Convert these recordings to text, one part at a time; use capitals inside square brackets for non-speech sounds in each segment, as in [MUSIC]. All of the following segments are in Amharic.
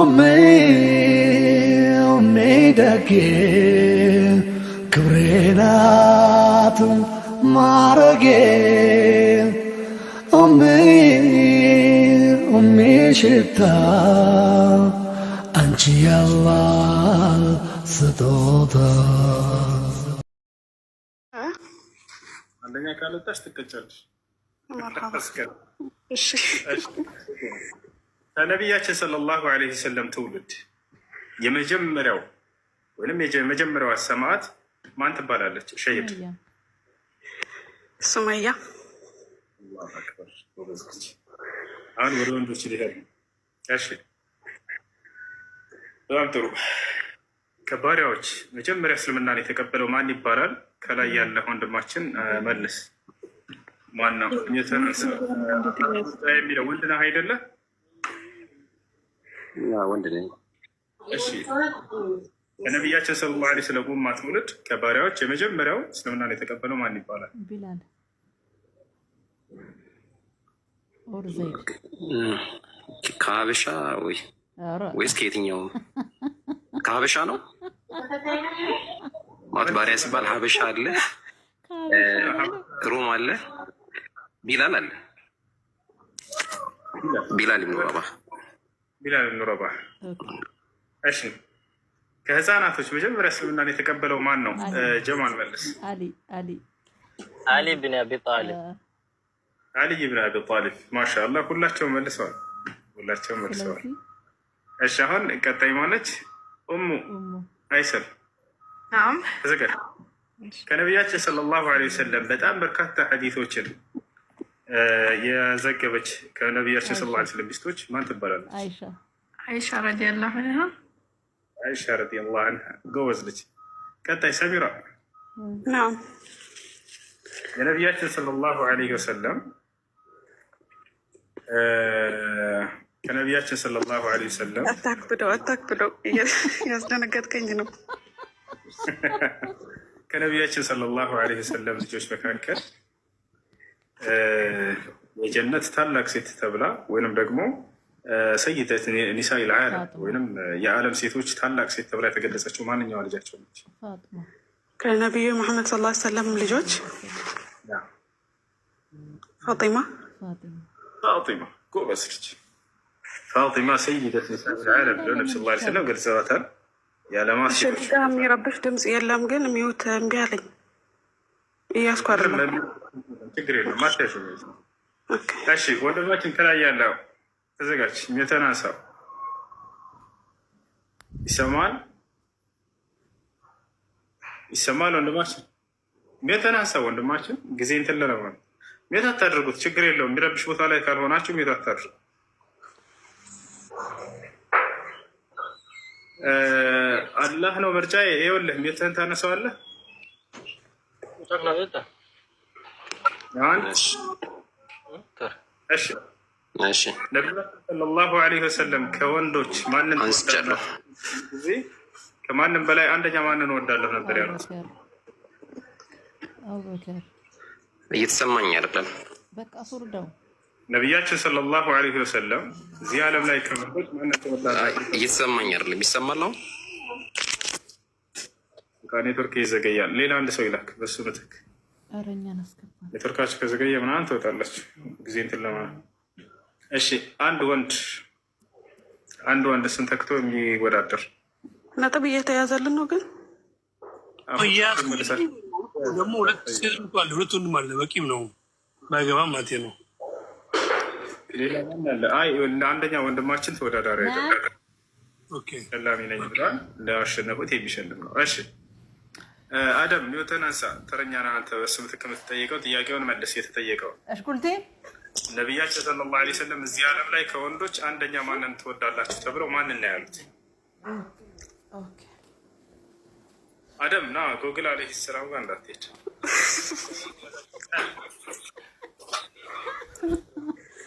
O meu meida que crenato marge o meu o meu ante Allah se toda Andem a cá, lutaste com a Charles. Não, não, não. Acho ከነቢያችን ሰለላሁ ዐለይሂ ወሰለም ትውልድ የመጀመሪያው ወይም የመጀመሪያዋ ሰማዕት ማን ትባላለች? ሸሂድ ሱመያ። አሁን ወደ ወንዶች ሊሄድ እሺ፣ በጣም ጥሩ። ከባሪያዎች መጀመሪያ እስልምናን የተቀበለው ማን ይባላል? ከላይ ያለ ወንድማችን መልስ። ማን ነው የሚለው ወንድ ነህ አይደለ? ወንድ ነኝ። እሺ ከነቢያችን ሰለላሁ ዐለይሂ ወሰለም እማት መውለድ ከባሪያዎች የመጀመሪያው እስልምናን የተቀበለው ማን ይባላል? ከሀበሻ ወይ ወይስ ከየትኛውም ከሀበሻ ነው ማለት ባሪያ ሲባል ሀበሻ አለ፣ ሮም አለ፣ ቢላል አለ። ቢላል ይኖራባ ይላል እንረባህ። እሺ ከህፃናቶች መጀመሪያ እስልምናን የተቀበለው ማን ነው? ጀማል መልስ። አሊ ብን አቢ ጣሊብ። አሊ ብን አቢ ጣሊብ። ማሻአላህ ሁላቸውም መልሰዋል፣ ሁላቸው መልሰዋል። እሺ አሁን ቀጣይ ማለች ኡሙ አይሰር ተዘጋጅ። ከነቢያችን ሰለላሁ ዐለይሂ ወሰለም በጣም በርካታ ሐዲቶችን የዘገበች ከነቢያችን ስለ ላ ሚስቶች ማን ትባላለች? አይሻ ረዲየላሁ አንሃ። አይሻ ረዲየላሁ አንሃ ጎበዝ ልጅ። ቀጣይ ሰሚራ። የነቢያችን ሰለላሁ አለይሂ ወሰለም ከነቢያችን ሰለላሁ አለይሂ ወሰለም አታክብደው፣ አታክብደው ያስደነገጥከኝ ነው። ከነቢያችን ሰለላሁ አለይህ ወሰለም ልጆች መካከል የጀነት ታላቅ ሴት ተብላ ወይንም ደግሞ ሰይደት ኒሳ ልዓለም ወይም የዓለም ሴቶች ታላቅ ሴት ተብላ የተገለጸችው ማንኛዋ ልጃቸው ነች? ከነቢዩ ሙሐመድ ስ ሰለም ልጆች ፋጢማ ፋጢማ ጎበዝ ልጅ ፋጢማ ሰይደት ኒሳ ልዓለም ብሎ ነብ ስላ ስለም ገልጸዋታል። የዓለማሽጋ የሚረብሽ ድምፅ የለም ግን ሚውት እምቢ አለኝ እያስኳር ችግር የለም። ማታሽ እሺ፣ ወንድማችን ከላይ ያለው ተዘጋጅ። የተናሳው ይሰማል፣ ይሰማል። ወንድማችን የተናሳው ወንድማችን ጊዜ እንትን ለነበር ሜት አታድርጉት፣ ችግር የለውም። የሚረብሽ ቦታ ላይ ካልሆናችሁ ሜት አታድርጉ። አላህ ነው ምርጫ። ይኸውልህ ሜትህን ታነሳዋለህ። ነቢያችን ሰለላሁ ዐለይሂ ወሰለም ከወንዶች ማንን አንስቻለሁ ከማንም በላይ አንደኛ ማንን ነበር ያሉት? እየተሰማኝ አይደለም። ነቢያችን ሰለላሁ ዐለይሂ ወሰለም እዚህ ዓለም ላይ እየተሰማኝ አይደለም። ኔትወርክ ይዘገያል። ሌላ አንድ ሰው ይላክ በሱ ምትክ ኔትወርካችሁ ከዘገየ ምናምን ትወጣለች። ጊዜ እንትን ለማለት እሺ። አንድ ወንድ አንድ ወንድ ስንት ተክቶ የሚወዳደር ነጥብ እየተያዘልን ነው። ግን ደግሞ ሁለት ሴት አለ፣ ሁለት ወንድም አለ። በቂም ነው። ባይገባም ማቴ ነው። አንደኛ ወንድማችን ተወዳዳሪ አይደለም፣ ነኝ ብሏል። ለአሸነፉት የሚሸልም ነው። እሺ አደም ኒውተን አንሳ ተረኛ ነህ አንተ። በእሱ ምትክ ጥያቄውን መልስ። የተጠየቀው እሽኩልቴ ነቢያችን ሰለላሁ ዐለይሂ ወሰለም እዚህ ዓለም ላይ ከወንዶች አንደኛ ማንን ትወዳላችሁ ተብለው ማንን ነው ያሉት? አደም ና ጎግል አለይሂ ሰላም ጋር እንዳትሄድ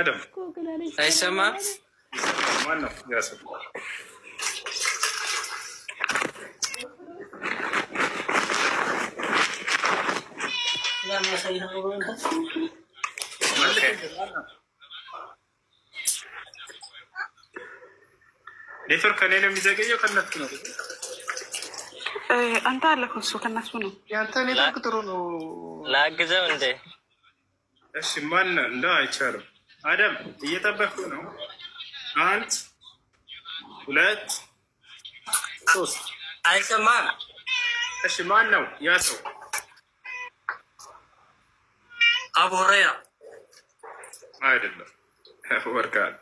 አደም አይሰማም። ማን ነው ያሰ ኔትወርክ ከኔ ነው የሚዘገየው። ከነፍቱ ነው አንተ አለህ እሱ ከነሱ ነው። ያንተ ኔትወርክ ጥሩ ነው። ላግዘው እንዴ? እሺ፣ ማን እንደ አይቻልም። አደም እየጠበኩ ነው። አንድ ሁለት ሶስት። አይሰማም። እሺ፣ ማን ነው ያ ሰው? አቡ ሁረይራ አይደለም። ወርቃል።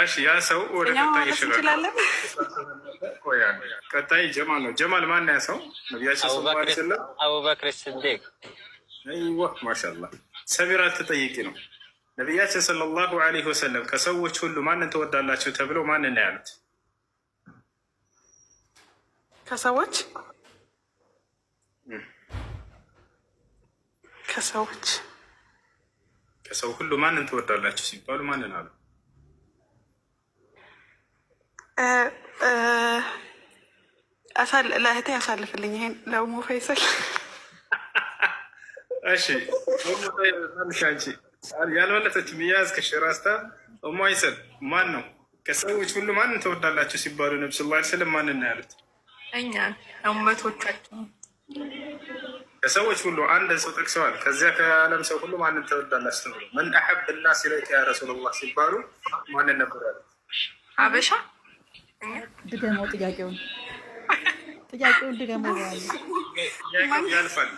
እሺ፣ ያ ሰው ወደ ቀጣይ ይችላል። ቀጣይ ጀማል ነው። ጀማል ማን ያ ሰው? ነቢያችን አቡበክር ስዲቅ። አይዋ ማሻላ። ሰቢራ ተጠይቂ ነው። ነቢያችን ሰለላሁ ዐለይሂ ወሰለም ከሰዎች ሁሉ ማንን ትወዳላችሁ ተብሎ ማንን ነው ያሉት? ከሰዎች ከሰዎች ከሰው ሁሉ ማንን ትወዳላችሁ ሲባሉ ማንን አሉ? ለእህቴ ያሳልፍልኝ ይሄን ለሞ ፈይሰል። [LAUGHS] እሺ ያልመለሰችም እያያዝከሽ ራስታ ሞ አይሰል ማን ነው? ከሰዎች ሁሉ ማንን ትወዳላችሁ ሲባሉ ነብስ ላ ስለም ማንን ነው ያሉት? እኛን እመቶቻችን ለሰዎች ሁሉ አንድ ሰው ጠቅሰዋል። ከዚያ ከዓለም ሰው ሁሉ ማንን ትወዳላችሁ ተብሎ ምን አሐብ እና ሲለይከ ያ ረሱሉላህ ሲባሉ ማንን ነበር ያለ? አበሻ ድገመው፣ ጥያቄውን ጥያቄውን ድገመው። ያልፋል።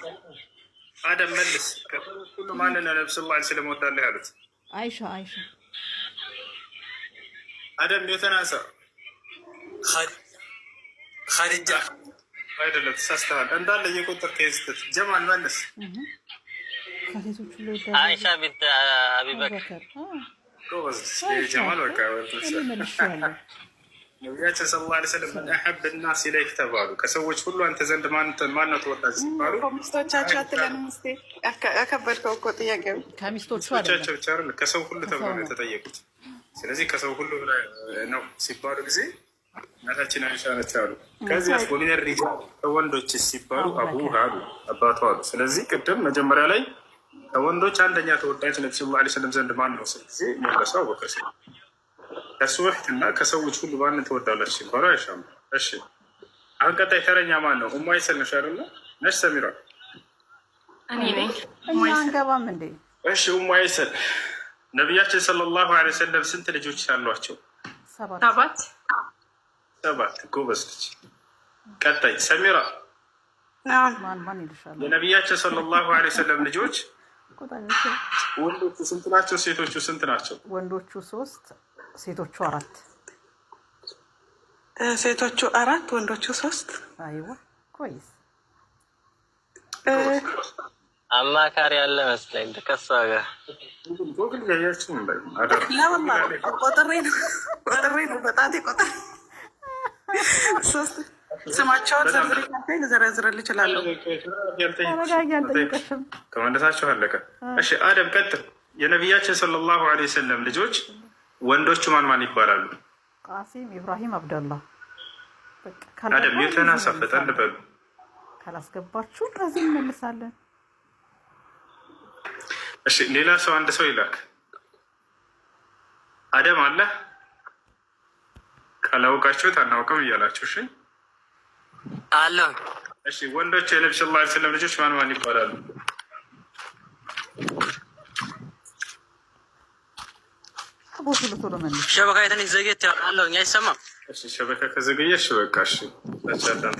አደም መልስ። ሁሉ ማንን ነብ ላ ስለም ወዳለ ያሉት አይሻ አይሻ አደም የተናሰ ኸዲጃ አይደለም ተሳስተሃል። እንዳለ እየቆጠር ከዝትት ጀማል መለስ አይሻ ቢንት አቢበክር ጀማል በቃ ነቢያችን ስለ ላ ስለም ምን አሐብ ናስ ኢለይክ ተባሉ። ከሰዎች ሁሉ አንተ ዘንድ ማነው ተወዳጅ ሲባሉ ሚስቶቻቸው አትለንም። ስ ያከበድከው እኮ ጥያቄ ሚስቶቻቸው ብቻ ከሰው ሁሉ ተብሎ ነው የተጠየቁት። ስለዚህ ከሰው ሁሉ ነው ሲባሉ ጊዜ እናታችን አይሻ ነች አሉ። ከዚህ ወሚን ሪጃል ከወንዶች ሲባሉ አቡ አሉ አባቷ አሉ። ስለዚህ ቅድም መጀመሪያ ላይ ከወንዶች አንደኛ ተወዳጅ ነቢ ስለ ላ ስለም ዘንድ ማን ነው? ስለዚህ መለሰው አቡበክር ሲል ከሱሕት እና ከሰዎች ሁሉ ማንን ተወዳለች ሲባሉ አይሻም። እሺ አሁን ቀጣይ ተረኛ ማን ነው? እማ ይሰል ነሽ አለ ነሽ ሰሚራ አንገባም እንዴ? እሺ እማ ይሰል ነቢያችን ሰለላሁ ዐለይሂ ወሰለም ስንት ልጆች አሏቸው? ሰባት ሰባት ጎበዝ ልጅ። ቀጣይ ሰሚራ የነቢያቸው ሰለላሁ ዐለይሂ ወሰለም ልጆች ወንዶቹ ስንት ናቸው? ሴቶቹ ስንት ናቸው? ወንዶቹ ሶስት፣ ሴቶቹ አራት። ሴቶቹ አራት፣ ወንዶቹ ሶስት። አይዋ ኮይስ አማካሪ ያለ መስለኝ ከሷ ጋር ጎግል ገያችን ቆጥሬ ነው ቆጥሬ ነው በጣት ቆጥሬ ስማቸውን ዘርዝሬ ልዘረዝርልህ እችላለሁ። ተመለሳችሁ አለቀ። እሺ አደም ቀጥል። የነቢያችን ሰለላሁ ዐለይሂ ወሰለም ልጆች ወንዶቹ ማን ማን ይባላሉ? ቃሲም፣ ኢብራሂም፣ አብደላህ። አደም የተናሳ ፈጠን በሉ። ካላስገባችሁ ከዚህ እንመልሳለን። እሺ ሌላ ሰው አንድ ሰው ይላክ። አደም አለ ካላወቃችሁት አናውቅም እያላችሁ እሺ፣ አለ እሺ፣ ወንዶች የነቢ ላ ስለም ልጆች ማን ማን ይባላሉ? ሸበካ ከዘገየ እሺ፣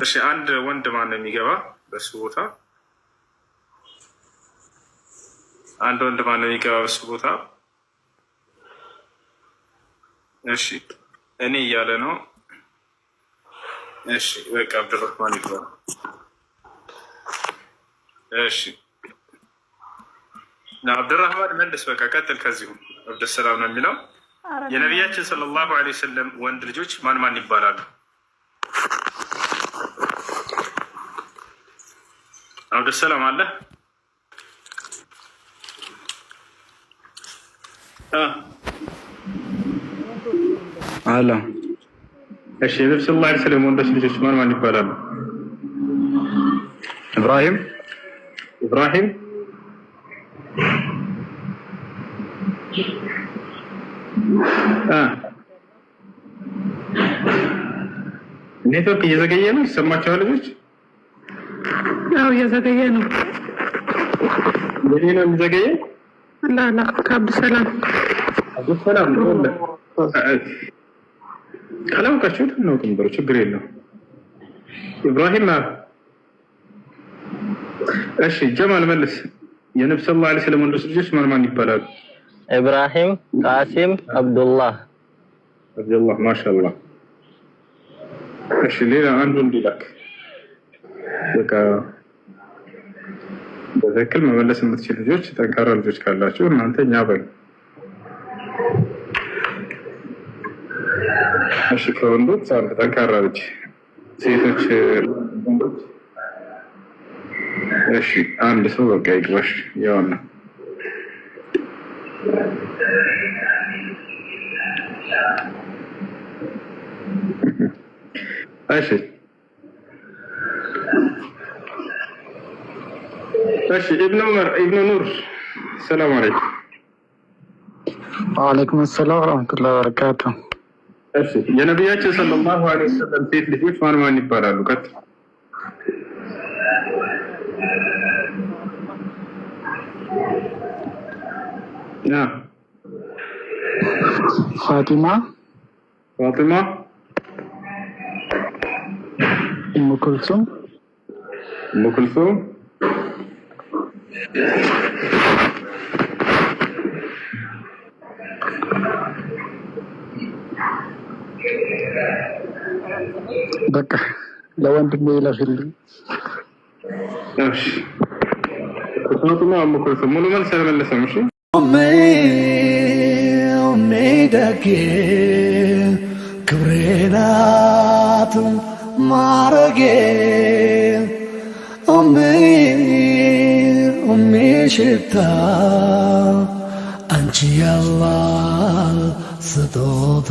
እሺ፣ አንድ ወንድ ማን ነው የሚገባ በሱ ቦታ? አንድ ወንድ ማን ነው የሚገባ በሱ ቦታ? እሺ እኔ እያለ ነው። እሺ በቃ አብዱራህማን ይባላል። እሺ አብዱራህማን መልስ። በቃ ቀጥል። ከዚሁ አብደሰላም ነው የሚለው የነቢያችን ሰለላሁ ዐለይሂ ወሰለም ወንድ ልጆች ማን ማን ይባላሉ? አብደሰላም አለ አ አላ እሺ፣ ነብዩ ሰለላሁ ዐለይሂ ወሰለም ወንዶች ልጆች ማን ማን ይባላሉ? ኢብራሂም ኢብራሂም ኔትወርክ እየዘገየ ነው። ይሰማቸዋል። ልጆች ያው እየዘገየ ነው። የኔ ነው የሚዘገየ ላላ ከአብዱሰላም አብዱሰላም ካላውቃችሁት አናውቅም በሉ፣ ችግር የለው። ኢብራሂም እሺ፣ ጀማል መልስ። የነብስ ላ ለ ስለም ወንዶች ልጆች ማን ማን ይባላሉ? ኢብራሂም፣ ቃሲም፣ አብዱላህ። አብዱላህ ማሻላ። እሺ፣ ሌላ አንዱ እንዲላክ በቃ በትክክል መመለስ የምትችል ልጆች፣ ጠንካራ ልጆች ካላችሁ እናንተ እኛ በሉ እሺ ከወንዶች አንድ ጠንካራ ልጅ ሴቶች ወንዶች እሺ አንድ ሰው በቃ ይቅረሽ። የሆነ እሺ እሺ ኢብኑ ዑመር ኢብኑ ኑር ሰላም አለይኩም። ወአለይኩም ሰላም ወራህመቱላሂ ወበረካቱሁ እሺ የነቢያችን ሰለላሁ ዐለይሂ ወሰለም ሴት ልጆች ማን ማን ይባላሉ? ቀጥ ፋጢማ፣ ፋጢማ፣ ኡሙ ኩልሱም፣ ኡሙ ኩልሱም በቃ ለወንድሜ ይለፍልኝ። ሙሉ መልስ አልመለሰም። እሺ ሜደጌ ክብሬ ማረጌ ሜ ሽታ አንቺ ያላ ስጦታ